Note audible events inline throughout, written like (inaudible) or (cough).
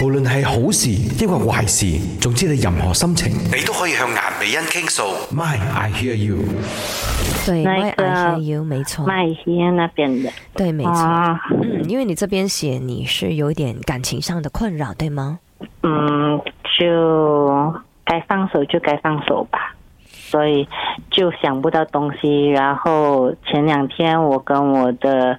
無論係好事抑或壞事，總之你任何心情，你都可以向顏美欣傾訴。My I hear you，對、那個，My I hear you，沒錯。My hear 那邊的，對，沒錯、oh. 嗯。因為你這邊寫你是有點感情上的困擾，對嗎？嗯、mm，就該放手就該放手吧，所以就想不到東西。然後前兩天我跟我的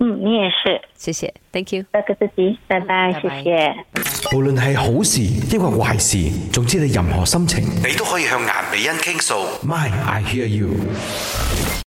嗯，你也是，謝謝，thank you，多謝自己，拜拜，拜拜，謝謝。無論係好事抑或壞事，總之你任何心情， (noise) 你都可以向顏美欣傾訴。My, I hear you. (noise) (noise)